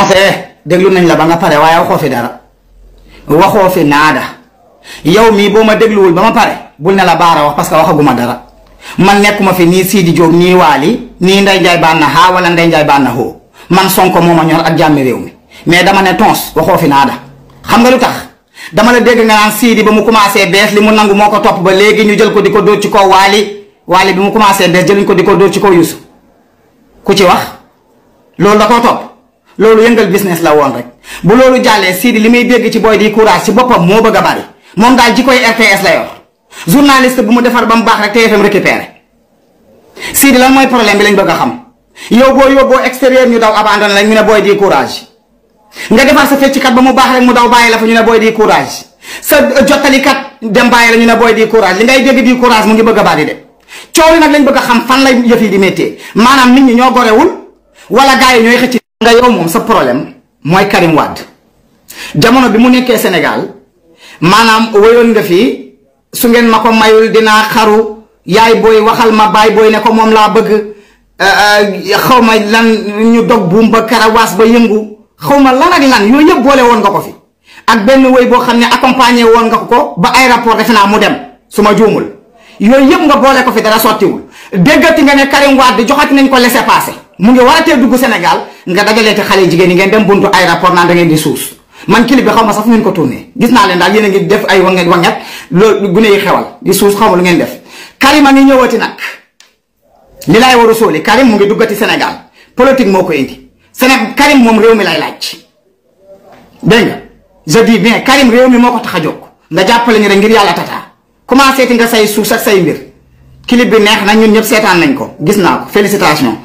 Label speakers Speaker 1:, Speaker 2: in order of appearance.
Speaker 1: xoofe déglu nañ la ba nga pare waaye waxoo fi dara waxoo fi naada yow mii boo ma dégluwul ba ma pare bul ne la baara wax parce que waxaguma dara man nekkuma fi nii Sidi Diop nii Waali nii Ndeye Ndiaye Banna xaa wala Ndeye Ndiaye Banna xoo man Sonko moo ma ñor ak jàmmi réew mi mais dama ne tons waxoo fi naada xam nga lu tax dama la dégg nga naan Sidi ba mu commencé bees li mu nangu moo ko topp ba léegi ñu jël ko di ko dóor ci kaw Waali Waali bi mu commencé bees jëluñ ko di ko dóor ci ko Youssou ku ci wax loolu da koo topp loolu yëngal business la woon rek bu loolu jàllee Sidi li muy dégg ci booy di courage ci boppam moo bëgg a bari moom daal ji koy RTS la yor journaliste bu mu defar ba mu baax rek TFM récupéré Sidi lan mooy problème bi lañ bëgg a xam yow boo yóbboo extérieur ñu daw abandonné lañ ñu ne booy di courage nga defar sa kat ba mu baax rek mu daw bàyyi la fa ñu ne booy di courage sa euh, jottalikat dem bàyyi la ñu ne booy di courage li ngay dégg di courage mu ngi bëgg a bari de coow li nag lañ bëgg a xam fan lay yëf yi di méttee maanaam nit ñi ñoo gorewul wala nga yow moom sa problème mooy Karim Wade jamono bi mu nekkee Sénégal maanaam wéyoon nga fi su ngeen ma ko mayul dinaa xaru yaay booy waxal ma baay booy ne ko moom laa bëgg euh, euh, xaw ma lan ñu dog buum ba karawaas ba xaw ma lan ak lan yooyu yëpp boole woon nga ko fi ak benn wéy boo xam ne accompagné woon nga ko ba aéroport defe naa mu dem su ma juumul yooyu yëpp nga boole ko fi dara sottiwul déggati nga ne Karim Wade joxati nañ ko laissez-passer mu ngi waratee dugg Sénégal nga dajalee ci xale jigéen yi ngeen dem buntu aéroport naan da ngeen di suus man clip bi xaw ma sax fu ngeen ko tourné gis naa a ngi def ay wanget wanget loolu gune yi xewal a sóoli Karim mu ngi duggati moo ko indi moom réew mi lay laaj dégg nga je dis bien réew mi moo ko tax a jóg nga jàppale ñu rek ngir yàlla tata commencé ti nga say suus ak say mbir clip bi neex na ñun ñëpp seetaan nañ ko gis naa ko félicitation